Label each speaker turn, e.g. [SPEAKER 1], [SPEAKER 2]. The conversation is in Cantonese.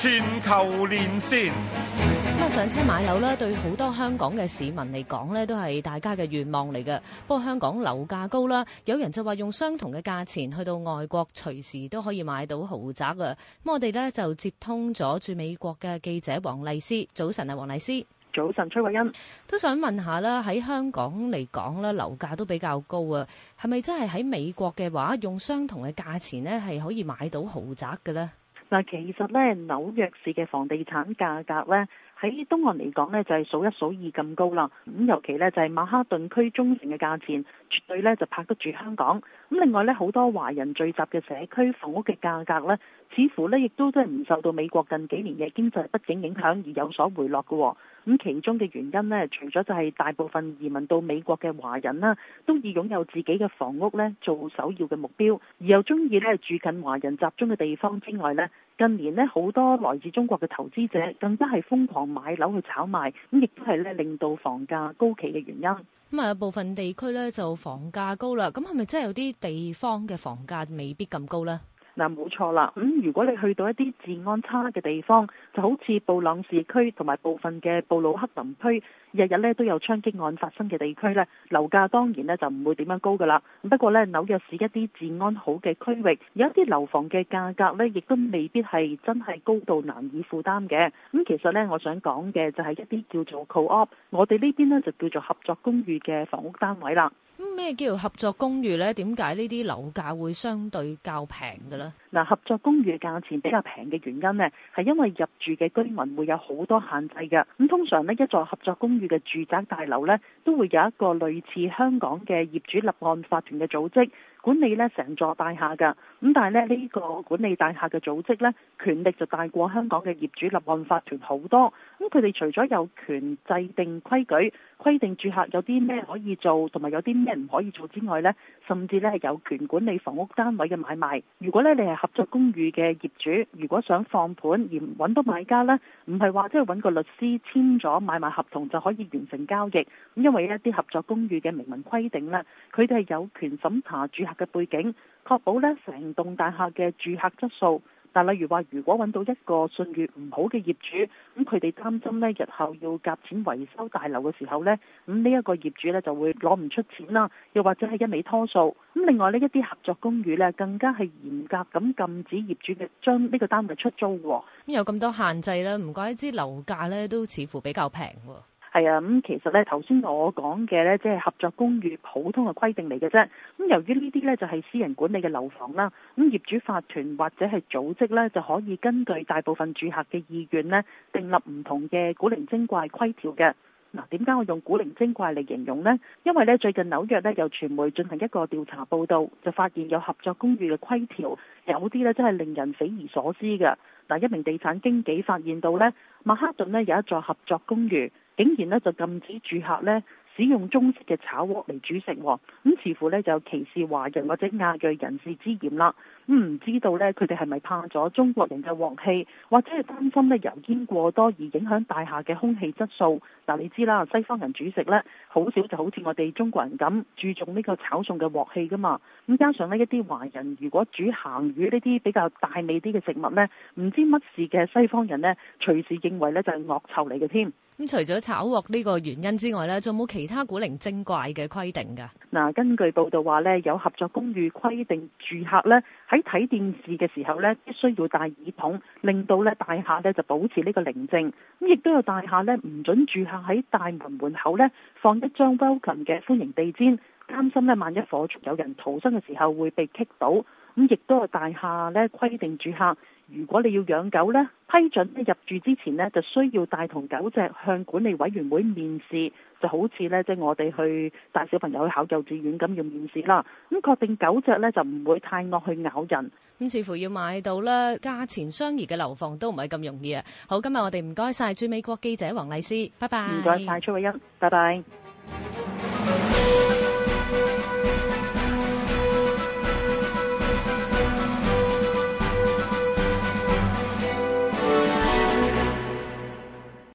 [SPEAKER 1] 全球連線。咁啊，上車買樓咧，對好多香港嘅市民嚟講呢，都係大家嘅願望嚟嘅。不過香港樓價高啦，有人就話用相同嘅價錢去到外國，隨時都可以買到豪宅啊。咁我哋呢，就接通咗住駐美國嘅記者黃麗施。早晨啊，黃麗施。早晨，崔蔚恩。都想問下啦，喺香港嚟講咧，樓價都比較高啊。係咪真係喺美國嘅話，用相同嘅價
[SPEAKER 2] 錢呢，係可以買到豪宅嘅呢？嗱，其實咧紐約市嘅房地產價格咧喺東岸嚟講咧就係數一數二咁高啦，咁尤其咧就係馬哈頓區中城嘅價錢，絕對咧就拍得住香港。咁另外咧好多華人聚集嘅社區房屋嘅價格咧，似乎咧亦都都係唔受到美國近幾年嘅經濟不景影響而有所回落嘅。咁其中嘅原因呢，除咗就係大部分移民到美國嘅華人啦，都以擁有自己嘅房屋咧做首要嘅目標，而又中意咧住近華人集中嘅地方之外呢，近年呢好多來自中國嘅投資者更加係瘋狂買樓去炒賣，咁亦都係咧令到房價高企嘅原因。咁
[SPEAKER 1] 啊，有部分地區咧就房價高啦，咁係咪真係有啲地方嘅房價未必咁
[SPEAKER 2] 高咧？嗱，冇錯啦。咁如果你去到一啲治安差嘅地方，就好似布朗市區同埋部分嘅布魯克林區，日日咧都有槍擊案發生嘅地區咧，樓價當然咧就唔會點樣高㗎喇。不過咧，紐約市一啲治安好嘅區域，有一啲樓房嘅價格咧，亦都未必係真係高到難以負擔嘅。咁、嗯、其實呢我想講嘅就係一啲叫做 co-op，我哋呢邊就叫做合作公寓嘅房屋單位啦。咩叫合作公寓呢？點解呢啲樓價會相對較平嘅呢？嗱，合作公寓嘅價錢比較平嘅原因呢，係因為入住嘅居民會有好多限制嘅。咁通常呢，一座合作公寓嘅住宅大樓呢，都會有一個類似香港嘅業主立案法團嘅組織。管理咧成座大廈㗎，咁但係咧呢個管理大廈嘅組織咧，權力就大過香港嘅業主立案法團好多。咁佢哋除咗有權制定規矩，規定住客有啲咩可以做，同埋有啲咩唔可以做之外咧，甚至咧係有權管理房屋單位嘅買賣。如果咧你係合作公寓嘅業主，如果想放盤而揾到買家咧，唔係話即係揾個律師簽咗買賣合同就可以完成交易。咁因為一啲合作公寓嘅明文規定呢，佢哋係有權審查住客嘅背景，確保咧成棟大廈嘅住客質素。但例如話，如果揾到一個信譽唔好嘅業主，咁佢哋擔心咧，日後要夾錢維修大樓嘅時候咧，咁呢一個業主咧就會攞唔出錢啦，又或者係一味拖數。咁另外呢一啲合作公寓咧，更加係嚴格咁禁止業主嘅將呢個單位出租。咁
[SPEAKER 1] 有咁多限制咧，唔怪之樓價咧都似乎比較平喎。
[SPEAKER 2] 係啊，咁、嗯、其實咧，頭先我講嘅咧，即係合作公寓普通嘅規定嚟嘅啫。咁、嗯、由於呢啲咧就係、是、私人管理嘅樓房啦，咁、嗯、業主法團或者係組織咧就可以根據大部分住客嘅意願咧訂立唔同嘅古靈精怪規條嘅。嗱，點解我用古靈精怪嚟形容呢？因為咧，最近紐約咧有傳媒進行一個調查報導，就發現有合作公寓嘅規條，有啲咧真係令人匪夷所思嘅。嗱，一名地產經紀發現到呢，麥克頓咧有一座合作公寓，竟然咧就禁止住客咧只用中式嘅炒鍋嚟煮食。哦，咁似乎呢就有歧視華人或者亞裔人士之嫌啦。唔、嗯、知道呢，佢哋係咪怕咗中國人嘅鑊氣，或者係擔心呢油煙過多而影響大廈嘅空氣質素？嗱，你知啦，西方人煮食呢，好少就好似我哋中國人咁注重呢個炒餸嘅鑊氣噶嘛。咁加上呢一啲華人如果煮鹹魚呢啲比較大味啲嘅食物呢，唔知乜事嘅西方人呢隨時認為呢就係、是、惡臭嚟嘅添。咁除
[SPEAKER 1] 咗炒鑊呢個原因之外呢，仲有冇其他古靈精怪嘅規定㗎？
[SPEAKER 2] 嗱，根據報道話呢，有合作公寓規定住客呢喺睇電視嘅時候呢，必須要戴耳筒，令到呢大廈呢就保持呢個寧靜。咁亦都有大廈呢，唔准住客喺大門門口呢放一張 Welcome 嘅歡迎地氈，擔心呢萬一火燭有人逃生嘅時候會被棘到。咁亦都有大廈呢規定住客。如果你要養狗咧，批准入住之前咧，就需要帶同狗隻向管理委員會面試，就好似咧即係我哋去帶小朋友去考幼稚園咁要面試啦。咁確定狗隻咧就唔會太惡去咬人。
[SPEAKER 1] 咁似乎要買到啦，價錢相宜嘅樓房都唔係咁容易啊。好，今日我哋唔該晒駐美國記者黃麗施，拜拜。唔該晒崔蔚恩，拜拜。